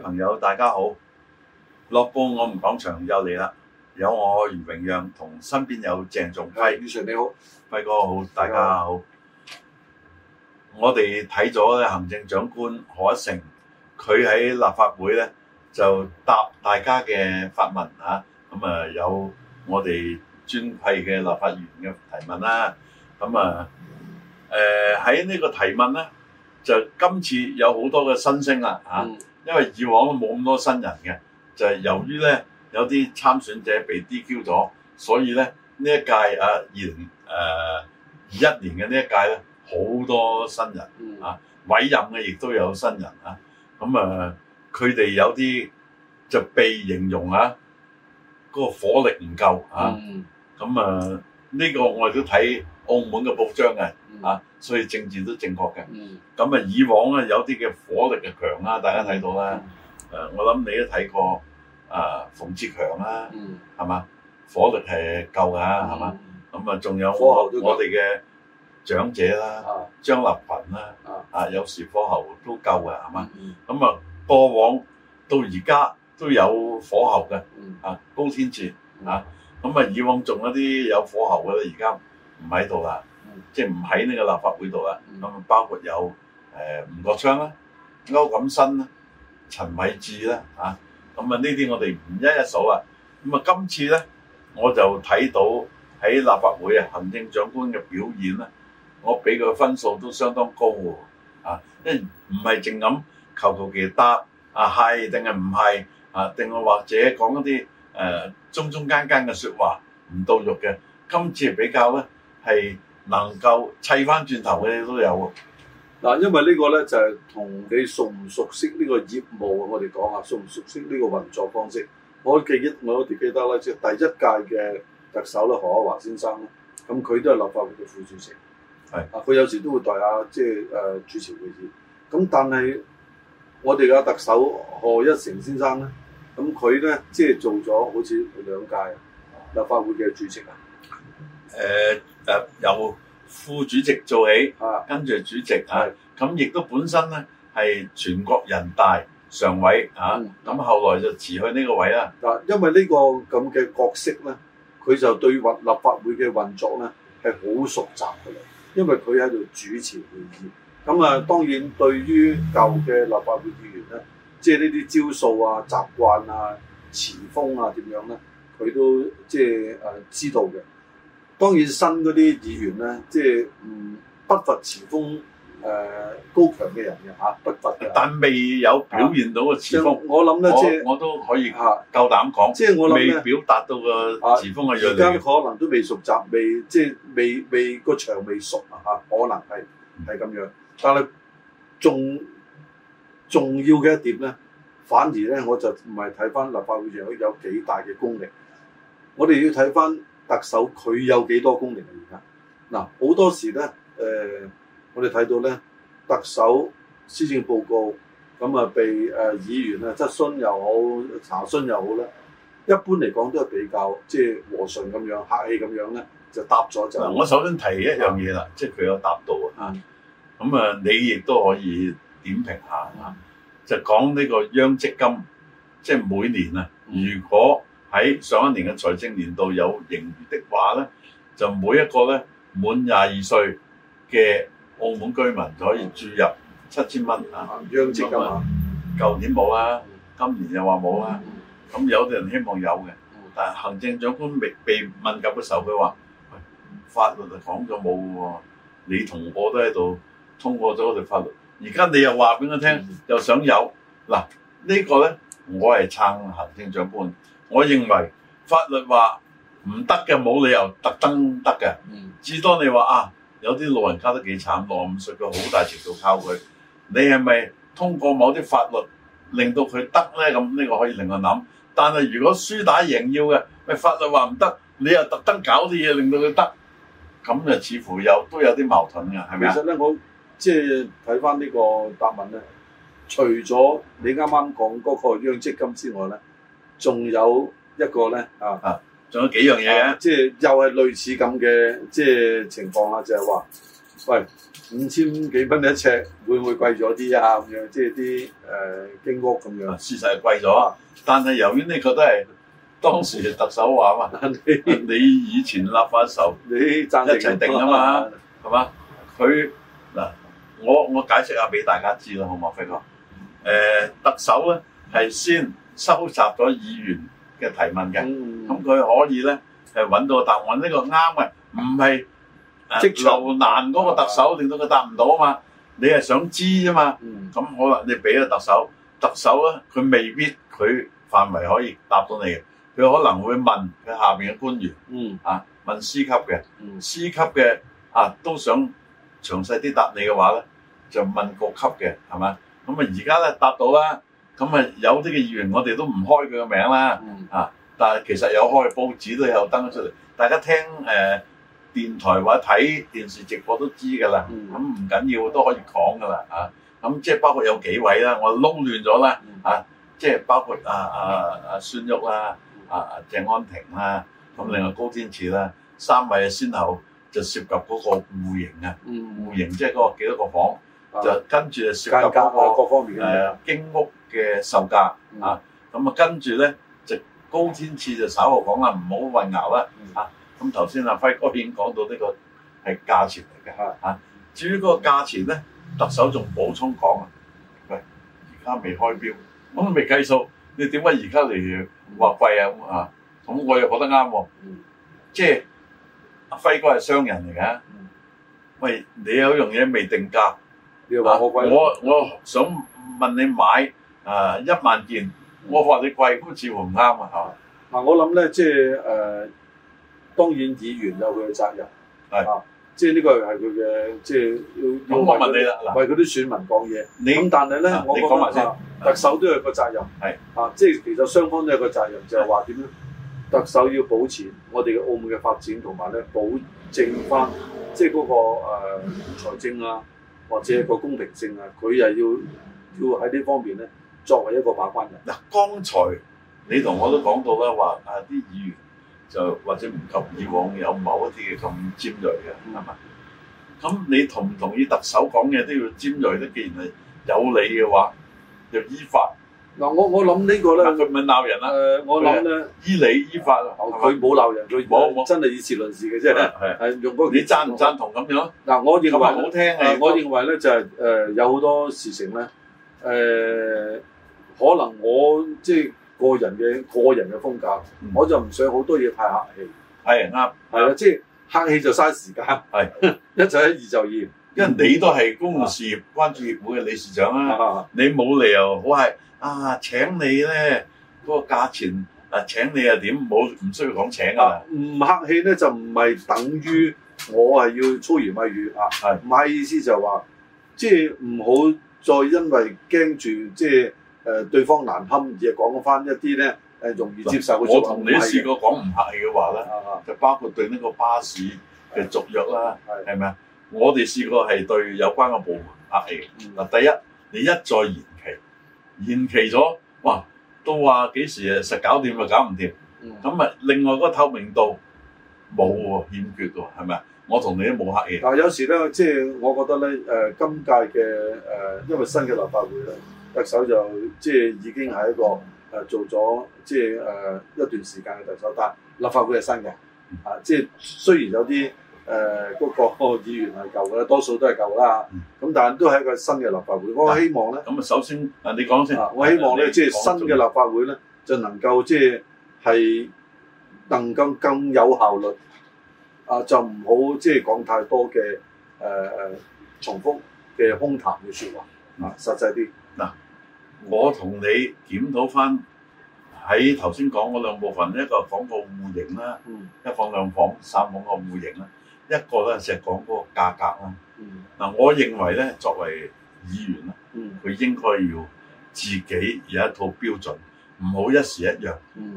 朋友，大家好！樂報我們講場又嚟啦，有我余榮陽同身邊有鄭仲輝，主席你好，輝哥好，大家好。的我哋睇咗行政長官何一成，佢喺立法會咧就答大家嘅發問啊。咁啊，有我哋專櫃嘅立法員嘅提問啦。咁啊，誒喺呢個提問咧，就今次有好多嘅新星啊！啊～、嗯因為以往都冇咁多新人嘅，就係、是、由於咧有啲參選者被 DQ 咗，所以咧呢一屆啊二零誒二一年嘅呢一屆咧好多新人啊委任嘅亦都有新人啊，咁啊佢哋有啲就被形容啊嗰個火力唔夠啊，咁啊呢、啊這個我哋都睇。澳門嘅報章嘅嚇，所以政治都正確嘅。咁啊，以往咧有啲嘅火力啊強啦，大家睇到啦。誒，我諗你都睇過誒，馮志強啦，係嘛？火力係夠噶，係嘛？咁啊，仲有我哋嘅長者啦，張立群啦，啊，有時火候都夠嘅，係嘛？咁啊，過往到而家都有火候嘅，啊，高天志啊，咁啊，以往仲一啲有火候嘅啦，而家，唔喺度啦，即係唔喺呢個立法會度啦。咁啊，包括有誒、呃、吳國昌啦、啊、區錦新啦、啊、陳偉志啦嚇。咁啊，呢、啊、啲我哋唔一一數啊。咁啊，今次咧我就睇到喺立法會啊，行政長官嘅表現咧，我俾佢分數都相當高喎。啊，誒唔係淨咁求求其答啊係定係唔係啊？定係、啊、或者講一啲誒、啊、中中間間嘅説話唔到肉嘅。今次比較咧。係能夠砌翻轉頭嘅都有喎。嗱，因為呢個咧就係同你熟唔熟悉呢個業務，我哋講下熟唔熟悉呢個運作方式。我記憶我哋記得咧，即係第一屆嘅特首咧何厚鏵先生咯。咁佢都係立法會嘅副主席，係啊。佢有時都會代下，即係誒主持會議。咁但係我哋嘅特首賀一誠先生咧，咁佢咧即係做咗好似兩屆立法會嘅主席啊。誒。誒由副主席做起，跟住主席嚇，咁亦都本身咧係全國人大常委嚇，咁啊，後來就辭去呢個位啦。嗱，因為呢個咁嘅角色咧，佢就對立法會嘅運作咧係好熟習嘅，因為佢喺度主持會議。咁啊，當然對於舊嘅立法會議員咧，即係呢啲招數啊、習慣啊、詞風啊點樣咧，佢都即係誒知道嘅。當然新嗰啲議員咧，即係唔不乏詞鋒誒高強嘅人嘅嚇，不乏嘅，但未有表現到個詞鋒。啊、我諗咧，即係我，我都可以嚇夠膽講，即係我諗未表達到個詞鋒嘅樣。而家、啊、可能都未熟習，未即係未未個場未熟啊嚇，可能係係咁樣。但係仲重要嘅一點咧，反而咧我就唔係睇翻立法會長有有幾大嘅功力，我哋要睇翻。特首佢有幾多功能？而家嗱，好多時咧，誒、呃，我哋睇到咧，特首施政報告咁啊、嗯，被誒、呃、議員啊質詢又好，查詢又好咧，一般嚟講都係比較即係和順咁樣，客氣咁樣咧，就答咗就答。我首先提一樣嘢啦，嗯、即係佢有答到啊，咁啊，你亦都可以點評下啊，就講呢個央積金，即係每年啊，嗯、如果，喺上一年嘅財政年度有盈餘的話咧，就每一個咧滿廿二歲嘅澳門居民就可以注入七千蚊啊！嗯、央啊嘛，舊年冇啊，今年又話冇啊，咁、嗯、有啲人希望有嘅，但係行政長官未被，被問及嘅時候，佢、哎、話法律就講咗冇喎，你同我都喺度通過咗條法律，而家你又話俾我聽又想有嗱、呢個、呢個咧，我係撐行政長官。我認為法律話唔得嘅，冇理由特登得嘅。至多你話啊，有啲老人家都幾慘，六十五歲佢好大程度靠佢。你係咪通過某啲法律令到佢得咧？咁呢個可以令我諗。但係如果輸打贏要嘅，咪法律話唔得，你又特登搞啲嘢令到佢得，咁就似乎有都有啲矛盾嘅，係咪啊？其實咧，我即係睇返呢個答問咧，除咗你啱啱講嗰個養積金之外咧。仲有一個咧、啊，啊，仲有幾樣嘢咧、啊啊，即係又係類似咁嘅即係情況啦，就係、是、話，喂，五千幾蚊一尺會唔會貴咗啲啊？咁樣即係啲誒經屋咁樣，事、啊、實係貴咗、啊哎，但係由於呢覺個都係當時嘅特首話嘛，你以前立法手，你贊成定啊嘛，係嘛？佢嗱、嗯，我我解釋下俾大家知啦，好嘛，飛、哎、哥，誒特首咧、啊、係先。收集咗議員嘅提問嘅，咁佢、嗯、可以咧，誒揾到答案呢個啱嘅，唔係取、啊、流難嗰個特首令到佢答唔到啊嘛，你係想知啫嘛？咁、嗯、好啦，你俾咗特首，特首咧佢未必佢範圍可以答到你嘅，佢可能會問佢下邊嘅官員，嗯、啊問司級嘅，司、嗯、級嘅啊都想詳細啲答你嘅話咧，就問各級嘅係嘛，咁啊而家咧答到啦。咁啊，有啲嘅議員我哋都唔開佢個名啦，嗯、啊！但係其實有開報紙都有登出嚟，大家聽誒、呃、電台或者睇電視直播都知㗎啦。咁唔、嗯、緊要都可以講㗎啦，啊！咁即係包括有幾位啦，我撈亂咗啦，啊！即係包括阿阿阿孫旭啦，阿鄭、嗯啊啊、安庭啦，咁另外高天賜啦，三位啊，先後就涉及嗰個戶型啊，戶型即係嗰個幾多個房。就跟住就及嗰個各方面，係啊，經屋嘅售價啊，咁啊跟住咧，就高天賜就稍後講啦，唔好混淆啦，嚇。咁頭先阿輝哥已經講到呢個係價錢嚟嘅，嚇。至於嗰個價錢咧，特首仲補充講啊，唔係而家未開標，咁都未計數，你點解而家嚟話貴啊咁啊？咁我又覺得啱喎，即係阿輝哥係商人嚟噶，餵你有一樣嘢未定價。你要話好貴，我我想問你買誒一萬件，我話你貴，咁似乎唔啱啊，嚇！嗱，我諗咧，即係誒、呃，當然議員有佢嘅責任，係是啊，即係呢個係佢嘅，即係要。嗯、要我唔問你啦，為啲選民講嘢。咁但係咧，我講埋先，特首都有個責任，係是啊，即係其實雙方都有個責任，是就係話點樣，特首要保持我哋嘅澳門嘅發展，同埋咧保證翻即係嗰、那個誒財政啦。或者係個公平性啊，佢又要要喺呢方面咧，作為一個把關人。嗱，剛才你同我都講到啦，話啊啲議員就或者唔及以往有某一啲嘅咁尖鋭嘅，係咪、嗯？咁你同唔同意特首講嘅？都要尖鋭咧？既然係有理嘅話，就依法。嗱，我我諗呢個咧，佢唔係鬧人啦。我諗咧依理依法，佢冇鬧人，佢冇真係以事論事嘅啫。係係用嗰個你贊唔贊同咁樣？嗱，我認為我聽係，我認為咧就係誒有好多事情咧，誒可能我即係個人嘅個人嘅風格，我就唔想好多嘢太客氣。係啱，係啊，即係客氣就嘥時間。係一就一，二就二，因為你都係公共事業關注協會嘅理事長啦，你冇理由好係。啊！請你咧，嗰、那個價錢啊，請你啊點好，唔需要講請噶啦，唔客氣咧就唔係等於我係要粗言穢語啊。咪意思就話，即係唔好再因為驚住即係誒對方難堪而係講翻一啲咧誒容易接受嘅。我同你都試過講唔客氣嘅話咧，就、嗯嗯、包括對呢個巴士嘅續約啦，係咪啊？嗎啊，我哋試過係對有關嘅部門客氣。嗱，第一你一再言。延期咗，哇！都話幾時誒實搞掂咪搞唔掂，咁咪、嗯、另外嗰個透明度冇喎，嗯、欠缺喎，係咪？我同你都冇客氣。但係有時咧，即係我覺得咧，誒、呃、今屆嘅誒，因為新嘅立法會咧，特首就即係已經係一個誒、呃、做咗即係誒、呃、一段時間嘅特首，但立法會係新嘅，啊，即係雖然有啲。誒嗰個嗰個議員係舊嘅，多數都係舊啦，咁但係都係一個新嘅立法會，啊、我希望咧咁啊，首先啊，你講先啊，我希望咧，即係新嘅立法會咧，就能夠即係係能夠更有效率啊，就唔好即係講太多嘅誒、啊、重複嘅空談嘅説話啊，實際啲嗱、啊，我同你檢討翻喺頭先講嗰兩部分，一個講個戶型啦，一房兩房三房嘅戶型啦。一個咧成日講嗰個價格啦。嗱、嗯，我認為咧作為議員咧，佢、嗯、應該要自己有一套標準，唔好一時一樣。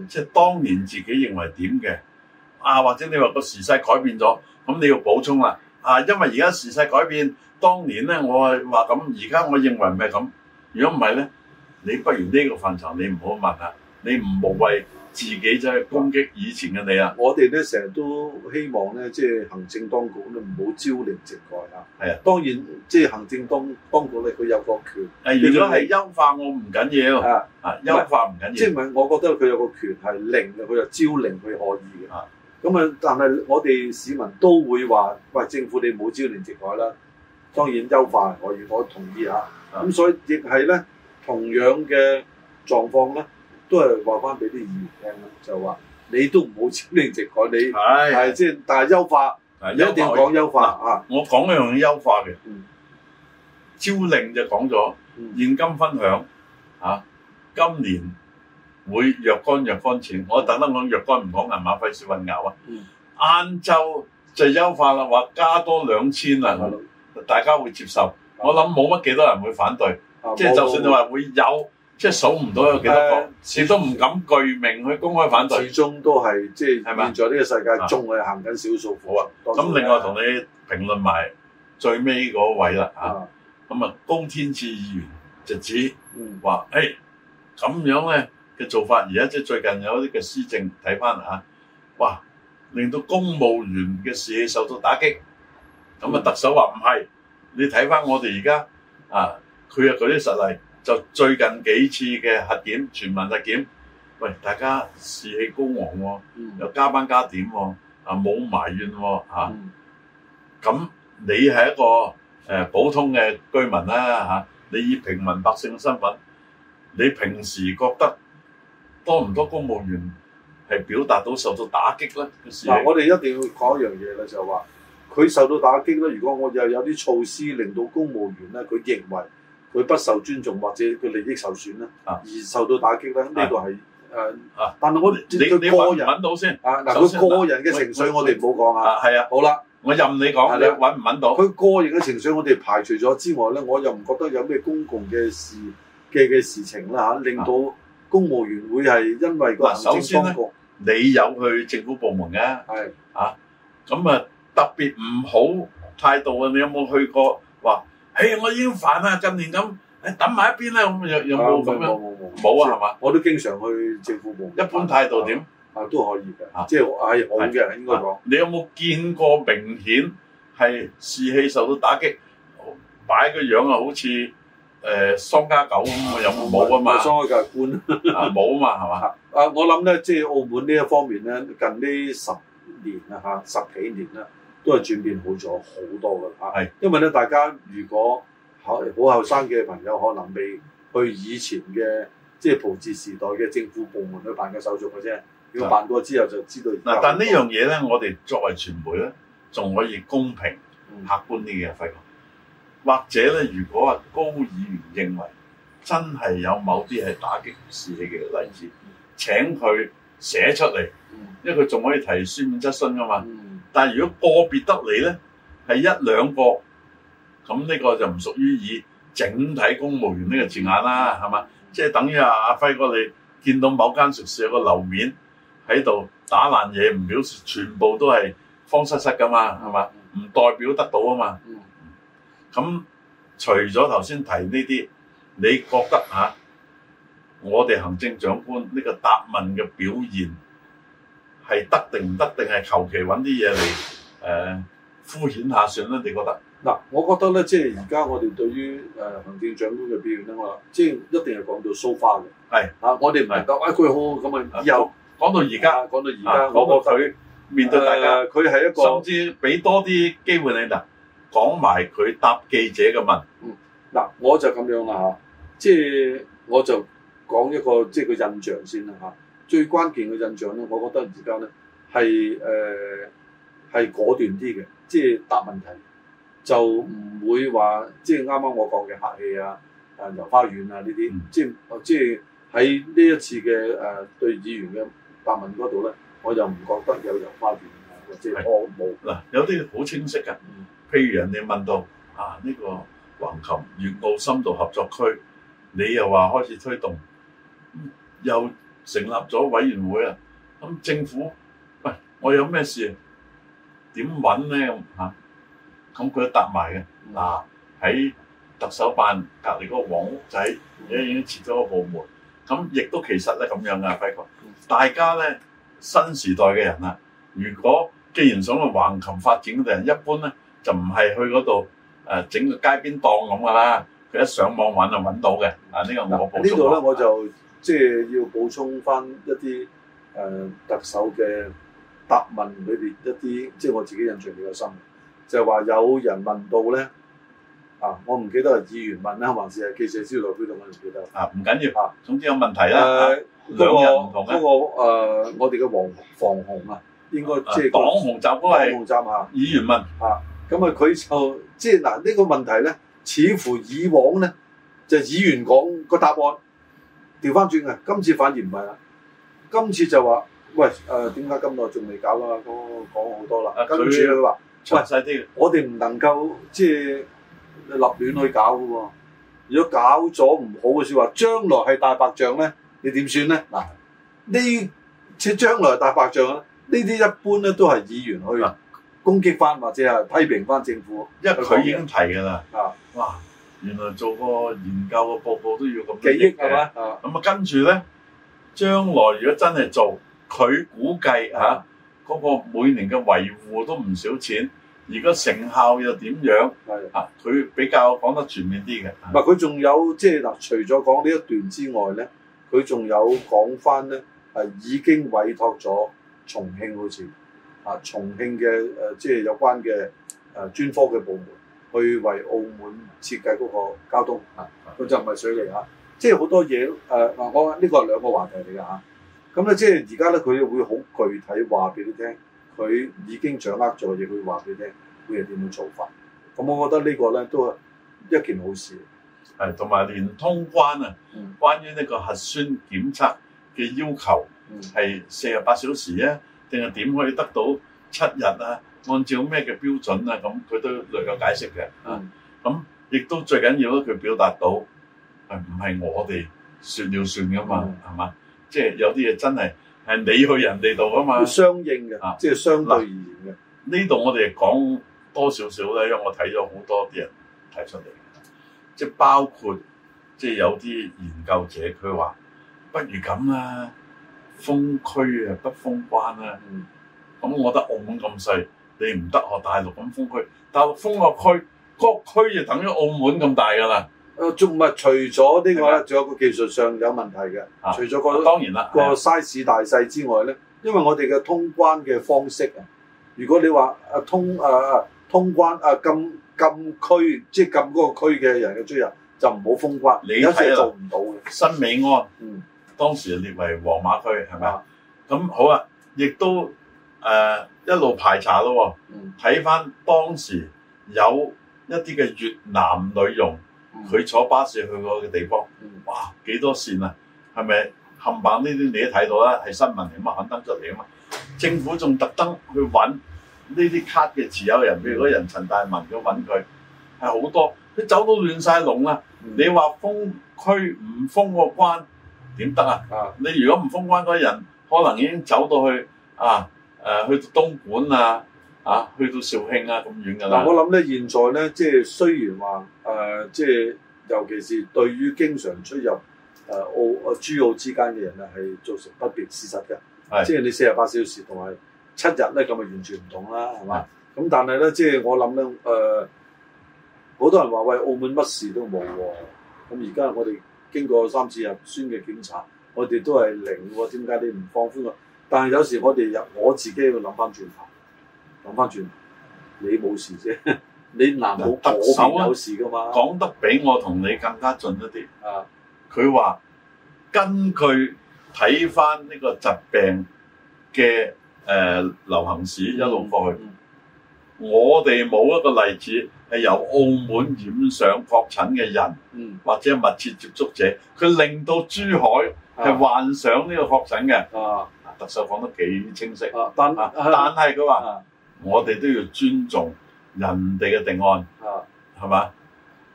即係、嗯、當年自己認為點嘅，啊或者你話個時勢改變咗，咁你要補充啦。啊，因為而家時勢改變，當年咧我話咁，而家我認為咪咁。如果唔係咧，你不如呢個範疇你唔好問啦，你唔無謂。自己就係攻擊以前嘅你啊！我哋咧成日都希望咧，即係行政當局咧唔好朝令夕改啦。係啊，當然即係行政當當局咧，佢有個權。如果係優化，我唔緊要啊。優化唔緊要。即係唔我覺得佢有個權係寧，佢就朝令佢可以嘅。咁啊，但係我哋市民都會話：喂，政府你唔好朝令夕改啦。當然優化我如果同意嚇。咁所以亦係咧，同樣嘅狀況咧。都係話翻俾啲議員聽咯，就話你都唔好朝令夕改，你係即係但係優化，一定要講優化啊！我講嘅係優化嘅，朝令就講咗現金分享嚇，今年會若干若干錢，我特登講若干唔講銀碼費事混淆啊！晏晝就優化啦，話加多兩千啊，大家會接受，我諗冇乜幾多人會反對，即係就算你話會有。即係數唔到有幾多個，亦、哎、都唔敢具名去公開反對，始終都係即係現在呢個世界吧仲係行緊少數夥人。咁、啊啊、另外同你評論埋最尾嗰位啦嚇，咁啊高、啊、天智議員就指話誒咁樣咧嘅做法，而家即係最近有一啲嘅施政睇翻嚇，哇令到公務員嘅士氣受到打擊，咁啊、嗯、特首話唔係，你睇翻我哋而家啊，佢有嗰啲實例。就最近幾次嘅核檢、全民核檢，喂，大家士氣高昂、啊嗯、又加班加點啊，冇、啊、埋怨喎、啊，咁、啊嗯、你係一個誒、呃、普通嘅居民啦、啊，嚇、啊，你以平民百姓嘅身份，你平時覺得多唔多公務員係表達到受到打擊咧？嗱、嗯，我哋一定要講一樣嘢啦，就係話佢受到打擊咧。如果我又有啲措施令到公務員咧，佢認為，佢不受尊重或者佢利益受損咧，而受到打擊咧，呢個係誒。但係我你你揾揾到先啊！嗱，佢個人嘅情緒，我哋唔好講啊。係啊，好啦，我任你講，你揾唔揾到？佢個人嘅情緒，我哋排除咗之外咧，我又唔覺得有咩公共嘅事嘅嘅事情啦嚇，令到公務員會係因為個人。首先，局。你有去政府部門嘅？係啊，咁啊特別唔好態度啊！你有冇去過話？唉，我已經煩啦，近年咁，唉，抌埋一邊啦，咁有有冇咁樣，冇啊，係嘛？我都經常去政府部，一般態度點？啊，都可以嘅，即係，唉，我嘅，應該講。你有冇見過明顯係士氣受到打擊，擺個樣啊，好似誒喪家狗咁啊？有冇冇啊嘛？喪家狗官冇啊嘛，係嘛？啊，我諗咧，即係澳門呢一方面咧，近呢十年啊，嚇，十幾年啦。都係轉變好咗好多噶啦，啊是，因為咧，大家如果後好後生嘅朋友，可能未去以前嘅即係葡治時代嘅政府部門去辦嘅手續嘅啫，要是辦過之後就知道。嗱，但呢樣嘢咧，我哋作為傳媒咧，仲可以公平、客觀啲嘅，廢話、嗯。或者咧，如果話高議員認為真係有某啲係打擊士氣嘅例子，嗯、請佢寫出嚟，因為佢仲可以提書面質詢噶嘛。嗯。但係如果個別得嚟咧，係一兩個，咁呢個就唔屬於以整體公務員呢個字眼啦，係嘛？即係等於阿阿輝哥你見到某間食肆有個樓面喺度打爛嘢，唔表示全部都係慌失失噶嘛，係嘛？唔代表得到啊嘛。咁除咗頭先提呢啲，你覺得吓，啊，我哋行政長官呢個答問嘅表現？係得定唔得，定係求其揾啲嘢嚟誒敷衍下上啦？你覺得？嗱，我覺得咧，即係而家我哋對於誒行政長官嘅表現吖嘛，即係一定係講到 so far 嘅。係啊，我哋唔係講啊，佢好咁啊。以後講到而家，講到而家，我個腿面對大家，佢係一個甚至俾多啲機會你嗱，講埋佢答記者嘅問。嗱，我就咁樣啦嚇，即係我就講一個即係個印象先啦嚇。最關鍵嘅印象咧，我覺得而家咧係誒係果斷啲嘅，即係答問題就唔會話即係啱啱我講嘅客氣啊、誒、啊、遊花園啊呢啲、嗯，即係即係喺呢一次嘅誒、啊、對議員嘅答問嗰度咧，我就唔覺得有遊花園啊，即係是我冇嗱、啊，有啲好清晰㗎，譬如人哋問到啊呢、呢個橫琴粵澳深度合作區，你又話開始推動又。成立咗委員會啊！咁政府，喂，我有咩事點揾咧嚇？咁佢都答埋嘅。嗱、嗯，喺、啊、特首辦隔離嗰個黃屋仔，嗯、已經設咗個部門。咁、啊、亦都其實咧咁樣噶，輝哥。大家咧，新時代嘅人啦，如果既然想去橫琴發展嘅人，一般咧就唔係去嗰度誒整個街邊檔咁噶啦。佢一上網揾就揾到嘅。嗱、啊，這個、呢個我補充呢度咧我就。即係要補充翻一啲誒、呃、特首嘅答問裏邊一啲，即係我自己印象比較深，就係、是、話有人問到咧，啊，我唔記得係議員問啦，還是係記者招待會度，我唔記得。啊，唔緊要，啊，總之有問題啦。兩個唔同咧。嗰個我哋嘅防防洪啊，應該即係防洪站，防洪站嚇。議員問啊，咁啊佢就即係嗱呢個問題咧，似乎以往咧就是、議員講個答案。調翻轉呀，今次反而唔係啦。今次就話，喂，誒點解咁耐仲未搞啦？講好多啦。啊，跟住佢話，出晒啲，我哋唔能夠即係立亂去搞嘅喎。如果搞咗唔好嘅説話，將來係大白象咧，你點算咧？嗱，呢即係將來大白象咧，呢啲一般咧都係議員去攻擊翻或者係批評翻政府，因為佢已經提嘅啦。啊，哇！原來做個研究個報告都要咁多億，係嘛的？咁啊吧，跟住咧，將來如果真係做，佢估計嚇嗰個每年嘅維護都唔少錢，而家成效又點樣？係的啊，佢比較講得全面啲嘅。唔係，佢仲有即係嗱，除咗講呢一段之外咧，佢仲有講翻咧，係已經委託咗重慶，好似啊，重慶嘅誒，即係有關嘅誒專科嘅部門。去為澳門設計嗰個交通，佢、嗯、就唔係水利。嚇、嗯，即係好多嘢誒。嗱、呃，我呢、這個係兩個話題嚟嚇，咁、啊、咧、嗯、即係而家咧佢會好具體話俾你聽，佢已經掌握咗嘢，佢話俾你聽，佢係點樣做法。咁我覺得個呢個咧都係一件好事，係同埋連通關啊，嗯、關於呢個核酸檢測嘅要求係四十八小時咧，定係點可以得到？七日啦、啊，按照咩嘅標準啦、啊，咁佢都略夠解釋嘅。嗯、啊，咁亦都最緊要咧，佢表達到係唔係我哋算了算噶嘛，係、嗯就是、嘛？即係有啲嘢真係係你去人哋度噶嘛。相應嘅，啊、即係相對而言嘅。呢度我哋講多少少咧，因為我睇咗好多啲人提出嚟即係包括即係、就是、有啲研究者佢話，不如咁啦，封區啊，不封關啦、啊。嗯咁、嗯、我覺得澳門咁細，你唔得學大陸咁封區。但封個區，個區就等於澳門咁大㗎喇。誒，仲唔係除咗呢、呢個咧，仲吧有個技術上有問題嘅。啊、除咗、嗰個、啊、當然啦、啊、個 size 大細之外咧，因為我哋嘅通關嘅方式啊，如果你話啊通啊通關啊禁禁區，即係禁嗰個區嘅人嘅追入，就唔好封關。你做唔到嘅。新美安，嗯，當時列為黃碼區係咪啊？咁好啊，亦都吧。 誒、呃、一路排查咯、哦，睇翻當時有一啲嘅越南女傭，佢、嗯、坐巴士去過嘅地方，哇幾多線啊？係咪冚唪唥呢啲你都睇到啦？係新聞嚟啊嘛，刊登出嚟啊嘛。嗯、政府仲特登去揾呢啲卡嘅持有人，譬如嗰人陳大文咁揾佢，係好多，佢走到亂晒龍啦。你話封區唔封個關點得啊？嗯、你如果唔封關，嗰人可能已經走到去啊。誒、呃、去到東莞啊，嚇、啊、去到肇慶啊咁遠㗎啦、嗯！我諗咧，現在咧，即係雖然話誒，即、呃、係尤其是對於經常出入誒澳誒珠澳之間嘅人啊，係造成不便事實嘅。係，即係你四十八小時同埋七日咧，咁啊完全唔同啦，係嘛？咁但係咧，即係我諗咧，誒，好多人話喂，澳門乜事都冇喎、啊。咁而家我哋經過三次核酸嘅檢查，我哋都係零喎，點解你唔放寬㗎？但係有時我哋入我自己要諗翻轉頭，諗翻轉，你冇事啫，你難道普遍有事噶嘛？講得比我同你更加盡一啲。啊，佢話根據睇翻呢個疾病嘅誒、呃、流行史一路過去，嗯、我哋冇一個例子係由澳門染上確診嘅人，嗯、或者密切接觸者，佢令到珠海係患上呢個確診嘅、啊。啊！特首講得幾清晰，啊、但、啊、但係佢話、啊、我哋都要尊重人哋嘅定案，係嘛、啊？吧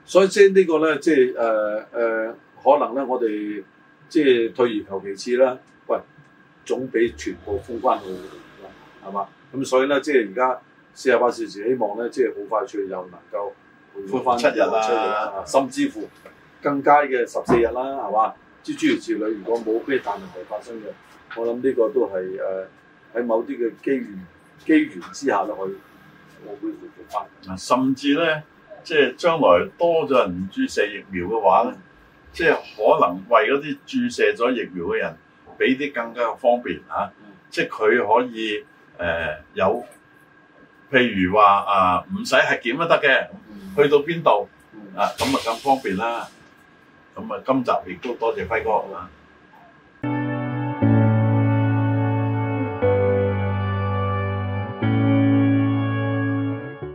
所以即係呢個咧，即係誒誒，可能咧我哋即係退而求其次啦。喂，總比全部封關好，係嘛？咁所以咧，即係而家四十八小時，希望咧即係好快脆又能夠恢復翻七日啦，啊、甚至乎更加嘅十四日啦，係嘛？即係諸如此類，如果冇咩大問題發生嘅，我諗呢個都係誒喺某啲嘅機緣機緣之下啦，可以。會啊，甚至咧，即係將來多咗人注射疫苗嘅話咧，嗯、即係可能為嗰啲注射咗疫苗嘅人俾啲更加方便嚇，啊嗯、即係佢可以誒、呃、有譬如話啊，唔使核檢都得嘅，去到邊度啊咁啊更方便啦。咁啊，今集亦都多謝輝哥！